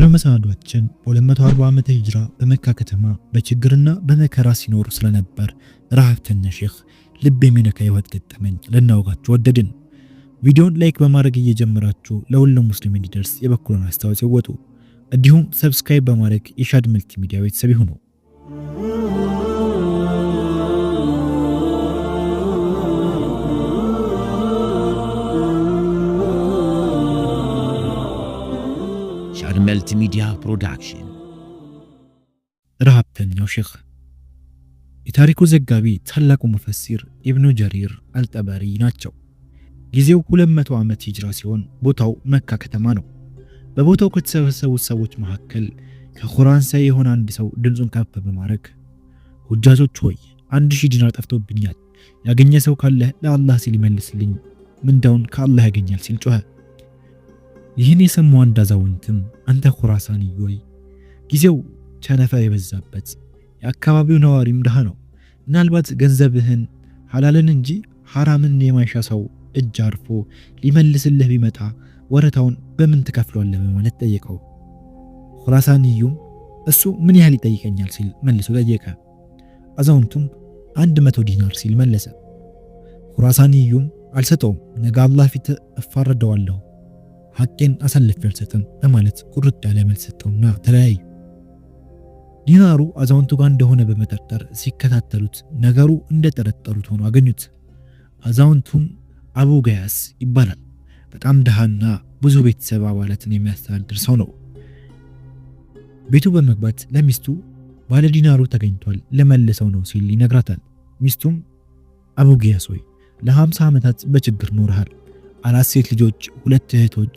የዛሬው መሰናዷችን በ240 ዓመተ ሂጅራ በመካ ከተማ በችግርና በመከራ ሲኖር ስለነበር ረሃብተኛ ሼህ ልብ የሚነካ የህይወት ገጠመኝ ልናወጋችሁ ወደድን። ቪዲዮን ላይክ በማድረግ እየጀመራችሁ ለሁሉም ሙስሊም እንዲደርስ የበኩሉን አስተዋጽኦ ይወጡ። እንዲሁም ሰብስክራይብ በማድረግ የሻድ መልቲ ሚዲያ ቤተሰብ ይሁኑ። መልቲ ሚዲያ ፕሮዳክሽን ረሃብተኛው ሼኽ የታሪኩ ዘጋቢ ታላቁ ሙፈሲር ኢብኑ ጀሪር አልጠበሪ ናቸው። ጊዜው 200 ዓመት ሂጅራ ሲሆን ቦታው መካ ከተማ ነው። በቦታው ከተሰበሰቡት ሰዎች መካከል ከኹራንሳይ የሆነ አንድ ሰው ድምፁን ከፍ በማድረግ ሁጃጆች ሆይ አንድ ሺህ ዲናር ጠፍቶብኛል፣ ያገኘ ሰው ካለ ለአላህ ሲል ይመልስልኝ፣ ምንዳውን ከአላህ ያገኛል ሲል ጮኸ። ይህን የሰሙ አንድ አዛውንትም አንተ ኩራሳንዬ ወይ ጊዜው ቸነፈር የበዛበት የአካባቢው ነዋሪም ድሃ ነው። ምናልባት ገንዘብህን ሐላልን እንጂ ሐራምን የማይሻ ሰው እጅ አርፎ ሊመልስልህ ቢመጣ ወረታውን በምን ትከፍሏለህ በማለት ጠየቀው። ኩራሳንዩም እሱ ምን ያህል ይጠይቀኛል ሲል መልሶ ጠየቀ። አዛውንቱም አንድ መቶ ዲናር ሲል መለሰ። ኩራሳንዩም አልሰጠውም፣ ነገ አላህ ፊት እፋረደዋለሁ ሐቄን አሳልፌ አልሰጥም በማለት ቁርጥ ያለ መልስ ሰጠውና ተለያዩ። ዲናሩ አዛውንቱ ጋር እንደሆነ በመጠርጠር ሲከታተሉት ነገሩ እንደጠረጠሩት ሆኖ አገኙት። አዛውንቱም አቡ ገያስ ይባላል። በጣም ድሃና ብዙ ቤተሰብ አባላትን የሚያስተዳድር ሰው ነው። ቤቱ በመግባት ለሚስቱ ባለ ዲናሩ ተገኝቷል ለመልሰው ነው ሲል ይነግራታል። ሚስቱም አቡ ገያስ ሆይ ለ50 ዓመታት በችግር ኖርሃል አራት ሴት ልጆች፣ ሁለት እህቶች፣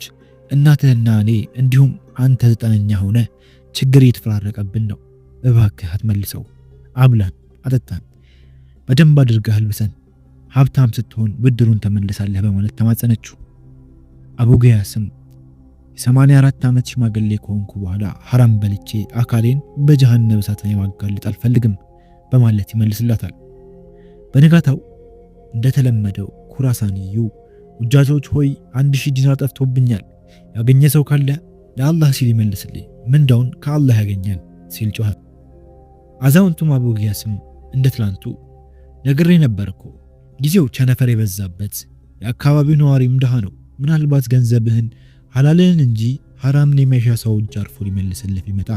እናትህና እኔ እንዲሁም አንተ ዘጠነኛ ሆነ። ችግር እየተፈራረቀብን ነው። እባክህ አትመልሰው። አብላን፣ አጠጣን፣ በደንብ አድርገህ አልብሰን፣ ሀብታም ስትሆን ብድሩን ተመልሳለህ በማለት ተማጸነችው። አቡጊያስም የሰማንያ አራት ዓመት ሽማግሌ ከሆንኩ በኋላ ሐራም በልቼ አካሌን በጀሃነም እሳት ላይ አልፈልግም በማለት ይመልስላታል። በንጋታው እንደተለመደው ኩራሳንዩ ውጃቶች ሆይ አንድ ሺህ ዲናር ጠፍቶብኛል፣ ያገኘ ሰው ካለ ለአላህ ሲል ይመልስልኝ፣ ምንዳውን ከአላህ ያገኛል ሲል ጮኸ። አዛውንቱም አቡጊያስም እንደ ትላንቱ ነግሬ ነበርኮ፣ ጊዜው ቸነፈር የበዛበት የአካባቢው ነዋሪም ድሃ ነው። ምናልባት ገንዘብህን ሐላልህን እንጂ ሐራምን የሚያሻ ሰው እጅ አርፎ ሊመልስልህ ቢመጣ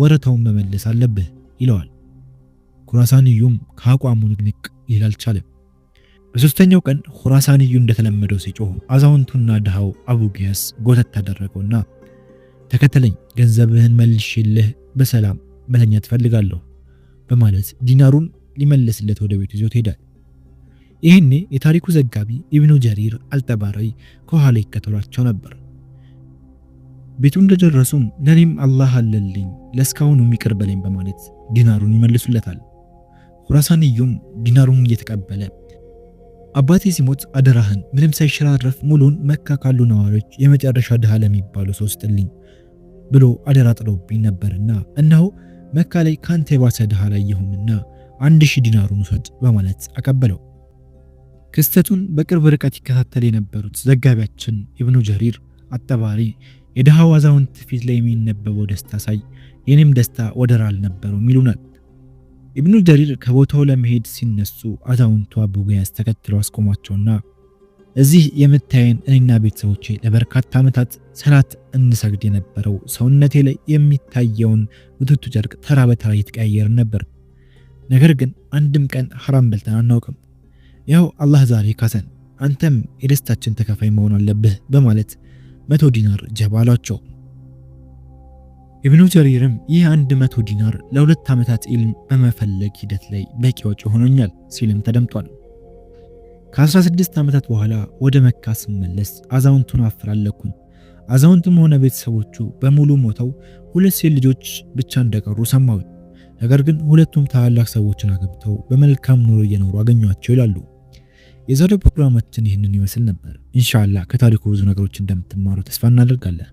ወረታውን መመለስ አለብህ ይለዋል። ኩራሳንዩም ከአቋሙ ንቅንቅ ሊል አልቻለም። በሶስተኛው ቀን ሁራሳንዩ እንደተለመደው ሲጮህ አዛውንቱና ድሃው አቡጊያስ ጎተት ታደረገውና ተከተለኝ፣ ገንዘብህን መልሽልህ በሰላም መተኛ ትፈልጋለሁ በማለት ዲናሩን ሊመለስለት ወደ ቤቱ ይዞት ሄዳል። ይህኔ የታሪኩ ዘጋቢ ኢብኑ ጀሪር አልጠባራይ ከኋላ ይከተሏቸው ነበር። ቤቱ እንደደረሱም ለእኔም አላህ አለልኝ ለእስካሁኑ ይቅር በለኝ በማለት ዲናሩን ይመልሱለታል። ኹራሳንዩም ዲናሩን እየተቀበለ አባቴ ሲሞት አደራህን ምንም ሳይሸራረፍ ሙሉን መካ ካሉ ነዋሪዎች የመጨረሻ ድሃ ለሚባሉ ሰው ስጥልኝ ብሎ አደራ ጥሎብኝ ነበርና እነሆ መካ ላይ ካንተ የባሰ ድሃ ላይ ይሁንና አንድ ሺህ ዲናሩን ውሰድ በማለት አቀበለው። ክስተቱን በቅርብ ርቀት ይከታተል የነበሩት ዘጋቢያችን ኢብኑ ጀሪር አጠባሪ የድሃው አዛውንት ፊት ላይ የሚነበበው ደስታ ሳይ የኔም ደስታ ወደር አልነበረውም ይሉናል። ኢብኑ ጀሪር ከቦታው ለመሄድ ሲነሱ አዛውንቱ ቡጊያስ ተከትሎ አስቆማቸውና እዚህ የምታየን እኔና ቤተሰቦቼ ለበርካታ ዓመታት ሰላት እንሰግድ የነበረው ሰውነቴ ላይ የሚታየውን ውትቱ ጨርቅ ተራ በተራ እየተቀያየርን ነበር። ነገር ግን አንድም ቀን ሐራም በልተን አናውቅም። ያው አላህ ዛሬ ካሰን፣ አንተም የደስታችን ተካፋይ መሆን አለብህ በማለት መቶ ዲናር ጀባ አሏቸው። ኢብኑ ጀሪርም ይህ 100 ዲናር ለሁለት ዓመታት ኢልም በመፈለግ ሂደት ላይ በቂ ወጪ ሆኖኛል ሲልም ተደምጧል። ከ16 ዓመታት በኋላ ወደ መካ ስመለስ አዛውንቱን አፈላለኩኝ። አዛውንቱም ሆነ ቤተሰቦቹ በሙሉ ሞተው ሁለት ሴት ልጆች ብቻ እንደቀሩ ሰማሁ። ነገር ግን ሁለቱም ታላላቅ ሰዎችን አገብተው በመልካም ኑሮ እየኖሩ አገኟቸው ይላሉ። የዛሬው ፕሮግራማችን ይህንን ይመስል ነበር። ኢንሻአላህ ከታሪኩ ብዙ ነገሮች እንደምትማሩ ተስፋ እናደርጋለን።